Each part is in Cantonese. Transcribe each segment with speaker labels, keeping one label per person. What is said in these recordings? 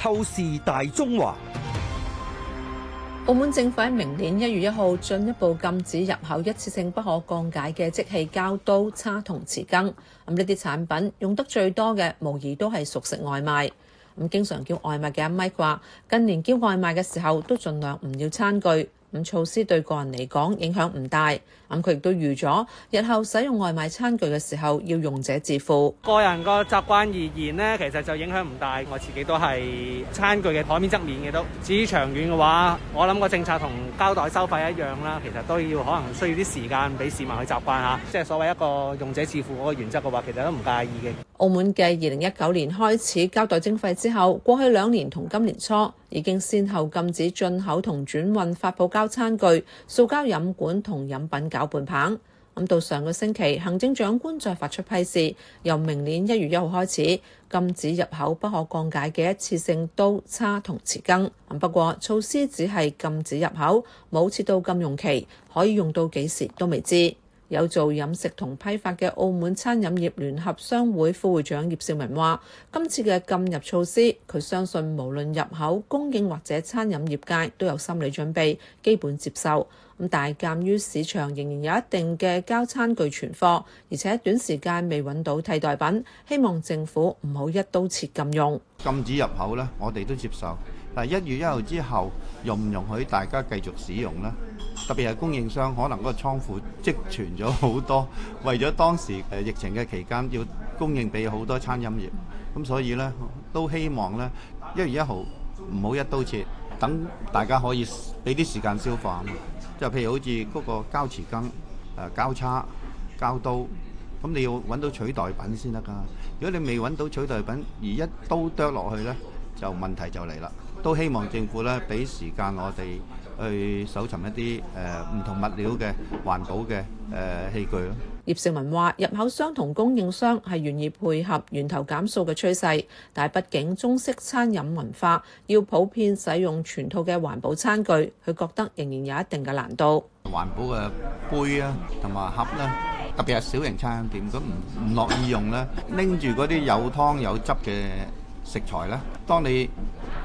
Speaker 1: 透視大中華。
Speaker 2: 澳門政府喺明年一月一號進一步禁止入口一次性不可降解嘅即棄膠刀叉同匙羹。咁呢啲產品用得最多嘅，無疑都係熟食外賣。咁經常叫外賣嘅阿 Mike 話，近年叫外賣嘅時候都盡量唔要餐具。咁措施對個人嚟講影響唔大，咁佢亦都預咗日後使用外賣餐具嘅時候要用者自付。
Speaker 1: 個人個習慣而言呢，其實就影響唔大。我自己都係餐具嘅台面側面嘅都。至於長遠嘅話，我諗個政策同膠袋收費一樣啦，其實都要可能需要啲時間俾市民去習慣吓，即係所謂一個用者自付嗰個原則嘅話，其實都唔介意嘅。
Speaker 2: 澳門繼二零一九年開始膠袋徵費之後，過去兩年同今年初，已經先後禁止進口同轉運發泡膠餐具、塑膠飲管同飲品攪拌棒。咁到上個星期，行政長官再發出批示，由明年一月一號開始禁止入口不可降解嘅一次性刀叉同匙羹。不過措施只係禁止入口，冇設到禁用期，可以用到幾時都未知。有做飲食同批發嘅澳門餐飲業聯合商會副會長葉少明話：今次嘅禁入措施，佢相信無論入口、供應或者餐飲業界都有心理準備，基本接受。咁但係鑑於市場仍然有一定嘅交餐具存貨，而且短時間未揾到替代品，希望政府唔好一刀切禁用。
Speaker 1: 禁止入口呢，我哋都接受。但係，一月一號之後容唔容許大家繼續使用呢？特別係供應商可能個倉庫積存咗好多，為咗當時誒疫情嘅期間要供應俾好多餐飲業。咁所以呢都希望呢一月一號唔好一刀切，等大家可以俾啲時間消化。就譬如好似嗰個膠匙羹、誒膠叉、膠刀，咁你要揾到取代品先得㗎。如果你未揾到取代品而一刀剁落去呢，就問題就嚟啦。都希望政府咧俾時間我哋去搜尋一啲誒
Speaker 2: 唔同物料嘅環保嘅誒器具咯。葉成文話，入口商同供應商係願意配合源頭減數嘅趨勢，但係畢竟中式餐飲文化要普遍使用全套嘅環保餐具，佢覺得仍然有一定嘅難度。
Speaker 1: 環保嘅杯啊，同埋盒啦，特別係小型餐店咁唔唔樂意用啦，拎住嗰啲有湯有汁嘅食材啦，當你。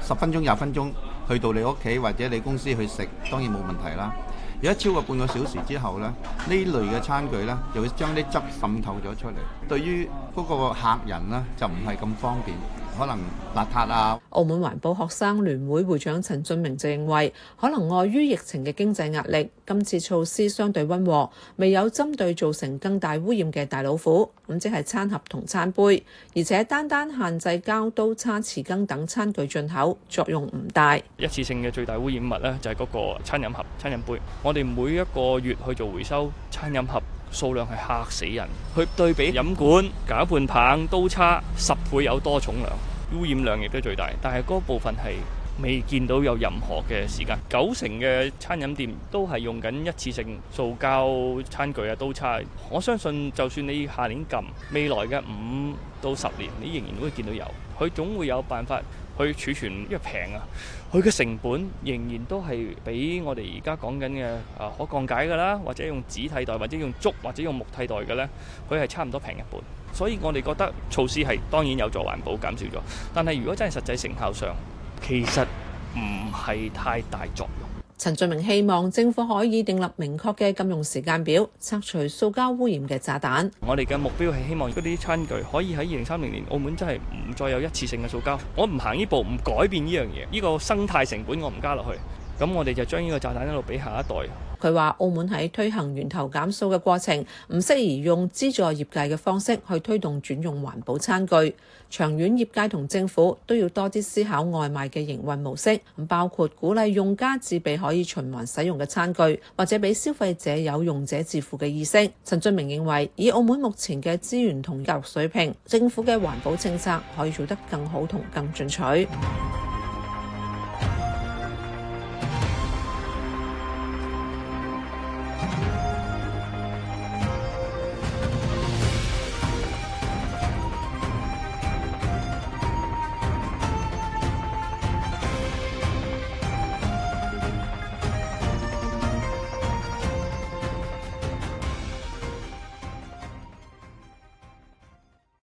Speaker 1: 十分鐘、廿分鐘去到你屋企或者你公司去食，當然冇問題啦。如果超過半個小時之後呢，呢類嘅餐具呢就會將啲汁滲透咗出嚟，對於嗰個客人呢，就唔係咁方便。可能邋遢啊！
Speaker 2: 澳門環保學生聯會會長陳俊明就認為，可能礙於疫情嘅經濟壓力，今次措施相對溫和，未有針對造成更大污染嘅大老虎，咁即係餐盒同餐杯，而且單單限制膠刀、叉、匙羹等餐具進口，作用唔
Speaker 3: 大。一次性嘅最大污染物呢，就係嗰個餐飲盒、餐飲杯，我哋每一個月去做回收餐飲盒。數量係嚇死人，去對比飲管、攪拌棒、刀叉十倍有多重量，污染量亦都最大。但係嗰部分係未見到有任何嘅時間，九成嘅餐飲店都係用緊一次性塑膠餐具啊、刀叉。我相信就算你下年禁，未來嘅五到十年，你仍然都會見到有，佢總會有辦法。佢儲存因為平啊，佢嘅成本仍然都係比我哋而家講緊嘅啊可降解嘅啦，或者用紙替代，或者用竹或者用木替代嘅呢。佢係差唔多平一半。所以我哋覺得措施係當然有助環保減少咗，但係如果真係實際成效上，其實唔係太大作用。
Speaker 2: 陳俊明希望政府可以訂立明確嘅禁用時間表，拆除塑膠污染嘅炸彈。
Speaker 3: 我哋嘅目標係希望，如果啲餐具可以喺二零三零年澳門真係唔再有一次性嘅塑膠，我唔行呢步，唔改變呢樣嘢，呢個生態成本我唔加落去，咁我哋就將呢個炸彈一路俾下一代。
Speaker 2: 佢話：澳門喺推行源頭減塑嘅過程，唔適宜用資助業界嘅方式去推動轉用環保餐具。長遠業界同政府都要多啲思考外賣嘅營運模式，包括鼓勵用家自備可以循環使用嘅餐具，或者俾消費者有用者自付嘅意識。陳俊明認為，以澳門目前嘅資源同教育水平，政府嘅環保政策可以做得更好同更進取。